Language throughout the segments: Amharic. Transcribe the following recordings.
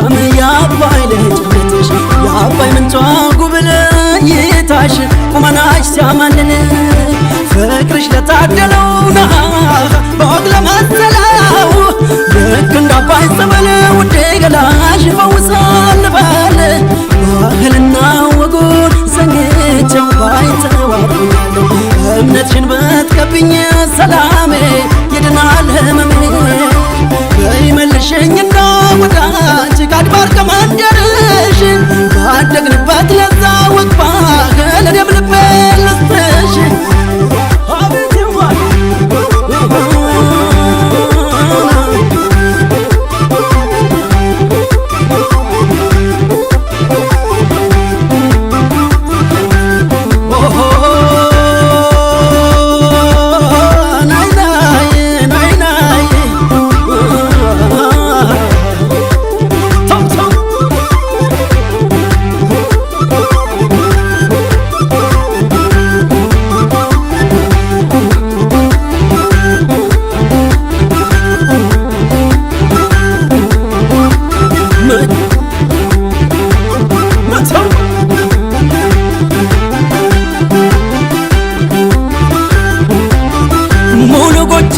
ጃን የአባይ ልጅ ነሽ የአባይ ምንጫ ጉብለይታሽ ቁመናሽ ሲያማንን ፍቅርሽ ለታደለው በወግ ለመሰለው ልክ እንደ አባይ ጸበል ውዴ ገላሽ ይፈውሳል ባል ባህልና ወጉን ሰንጌቸው ባይተዋብኛለሁ እምነትሽን ሰላሜ ይድናል ህመሜ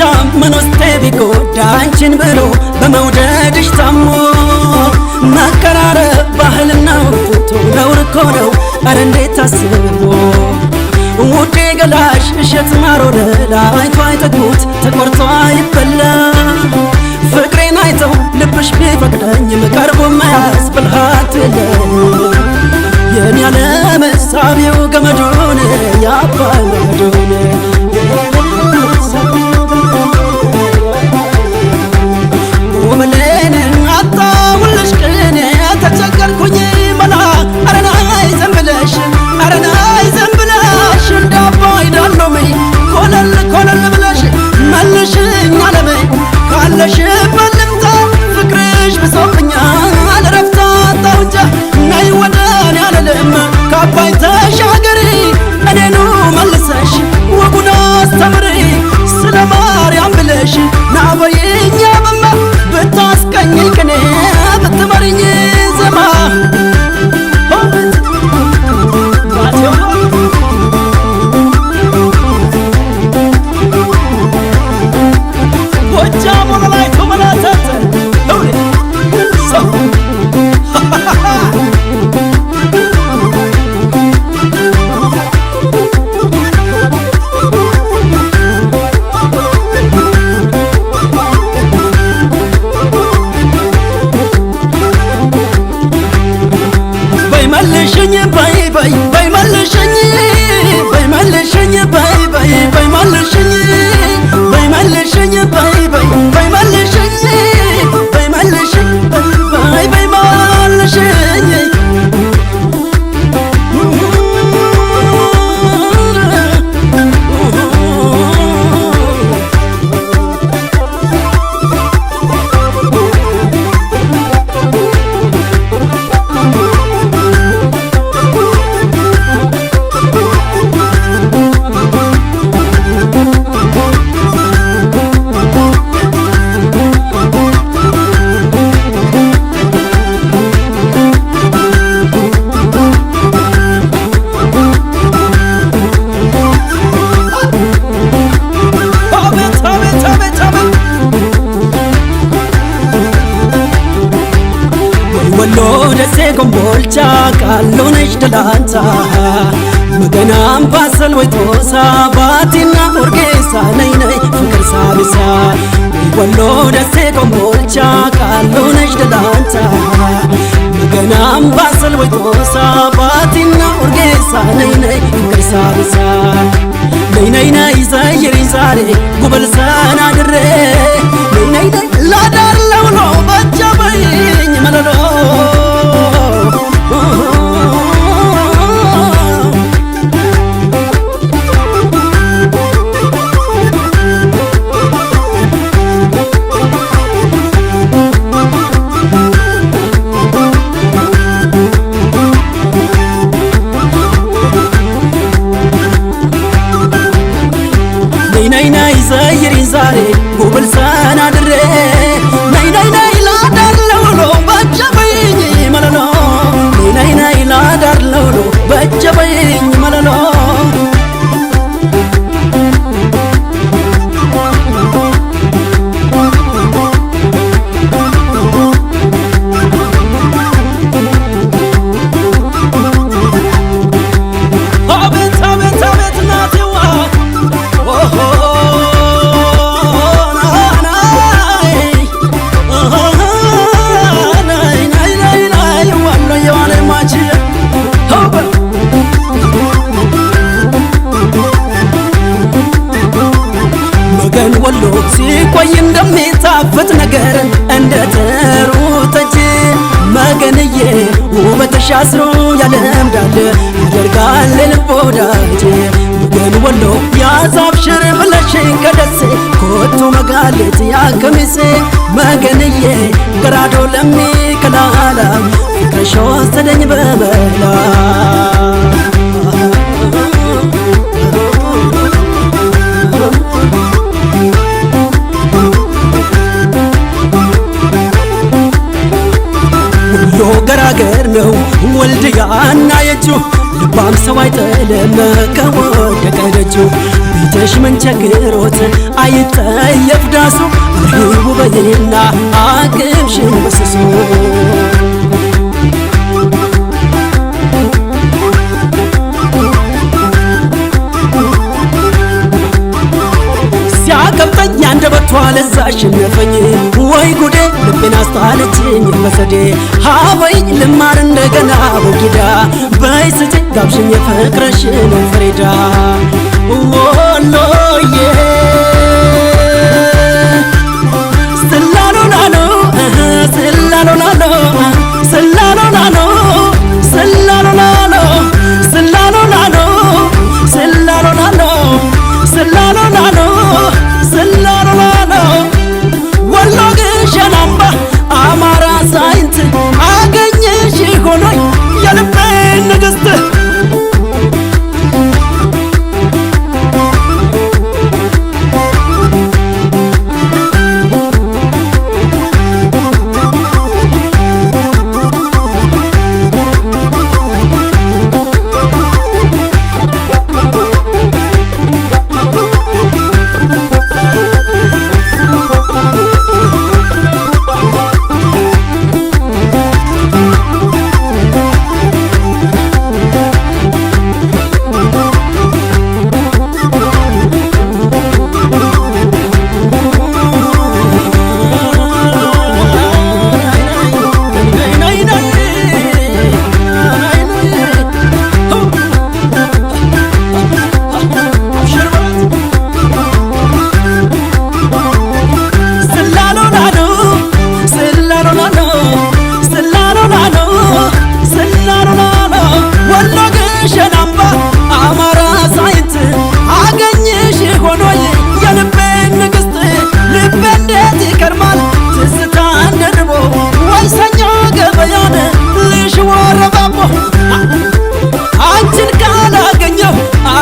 ብቻ ምን ውስጤ ቢጎዳ አንቺን ብሎ በመውደድሽ ታሞ መቀራረብ ባህልና ወቅቱ ነውር እኮ ነው። ኧረ እንዴት ታስቦ ውዴ ገላሽ እሸት ማር ወለላ አይቶ አይጠግቡት ተቆርጦ አይበላ ፍቅሬን አይተው ልብሽ ቢፈቅደኝም ቀርቦ መያዝ ብልሃት የለም የሚያለመሳቢው ገመዶን ያባይ ወሎ ደሴ ኮምቦልቻ ቃሎነሽ ደላንታ መገና አምባሰል ወይቶሳ ባቲና ነይ ነይ ፍቅር ሳቢሳ ወሎ ደሴ ኮምቦልቻ ቃሎነሽ ደላንታ መገና አምባሰል ወይቶሳ ባቲና ነይ ነይ ፍቅር ሳቢሳ ነይ ይዛየሪ ዛሬ ጉበልሳ ቃሊቲ ያከሚሴ መገንዬ ግራዶ ለሚ ከዳላ ፍቅርሽ ወሰደኝ በበላ ገራገር ነው ወልድያ እናየችው ልባም ሰው አይጠለም ከወደቀ ደጁ ልጅሽ ምን ቸግሮት አይጠየፍ ዳሱ ርሂቡ በይና አቅምሽን በስሱ ሲያከብተኛ እንደ በቷ ለዛሽ ወይ ጉዴ ልቤን አስተዋለችኝ መሰዴ ሀበይ ልማር እንደገና ቦጊዳ በይስጭ ስጭኝ ጋብሽኝ የፍቅረሽን ፍሬዳ ወሎዬ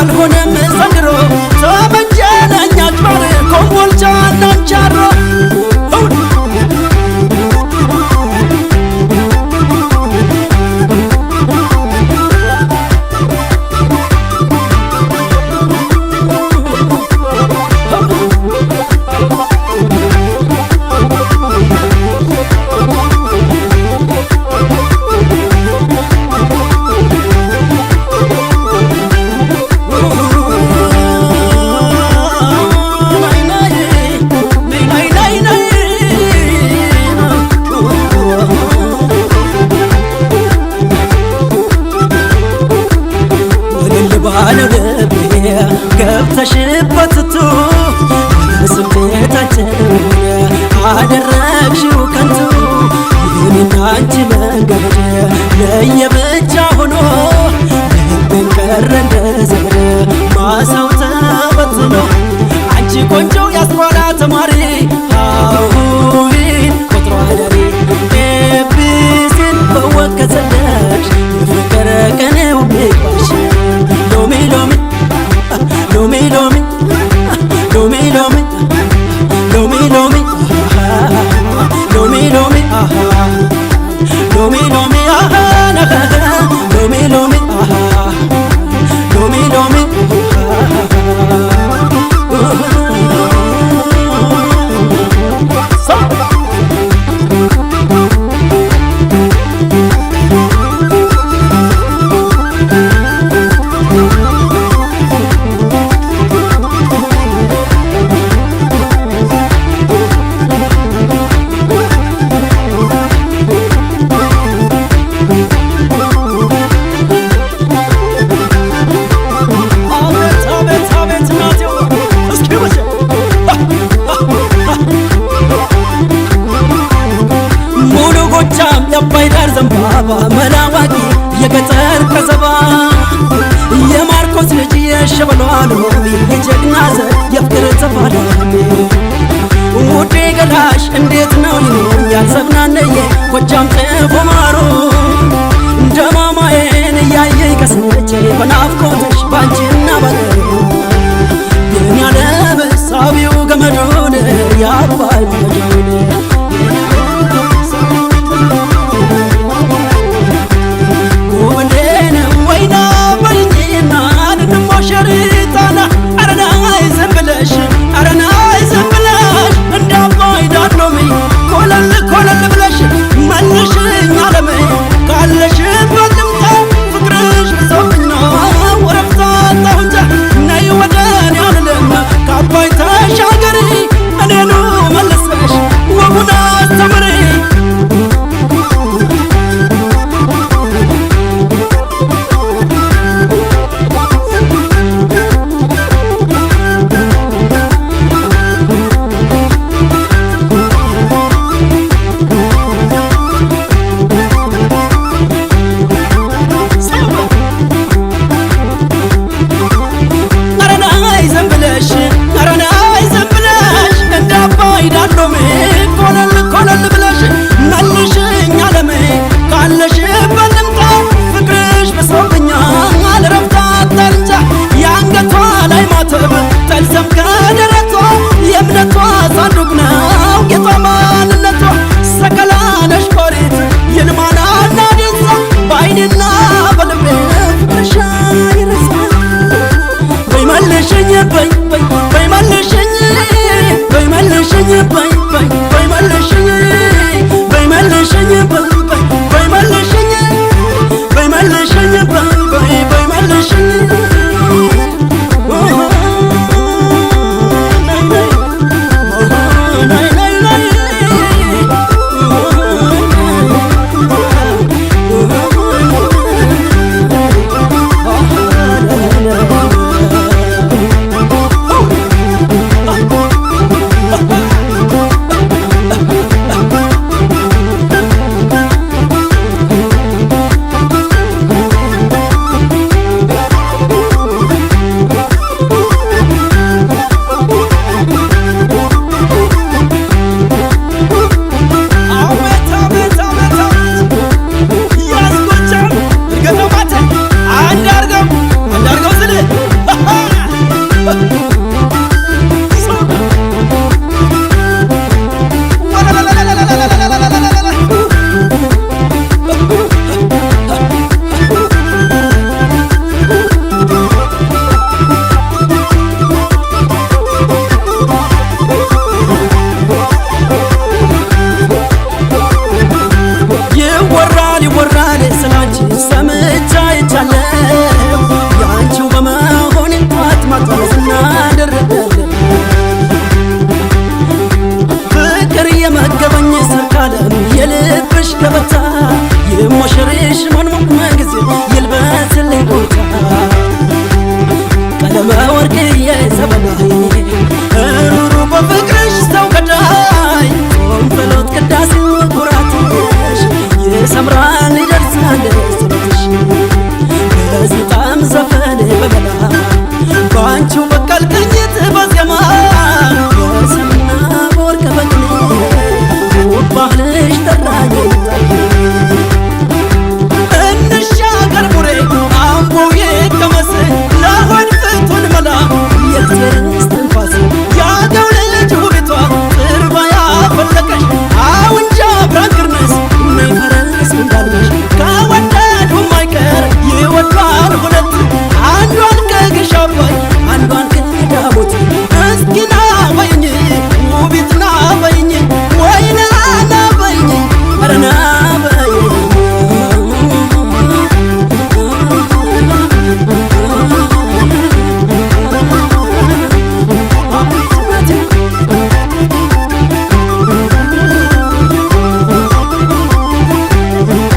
alguno ካንቺ መንገድ ለየብቻ ሆኖ ልቤን ቀረ እንደዘር ማሰው ተበትኖ አንቺ ቆንጆ ያስኳላ ተማሪ ነኝ ጎጃም ጥቡ ማሩ ደማማዬን እያየኝ ከስንቼ በናፍቆት ይወራል ይወራል ስላንቺ ሰምቻ ይቻለው ያንቺው በመሆን አጥማቶ ስናደርግ ፍቅር የመገበኝ ሰርካለም የልብሽ ገበታ የሞሽርሽ መንሙቅ ጊዜ ይልበስልኝ ቦታ ቀለመ ወርቅዬ ዘበናይ ሩሩ በፍቅርሽ ሰው ገዳይ ቶንፈሎት ቅዳሴ ያሰምራል ይደርሳል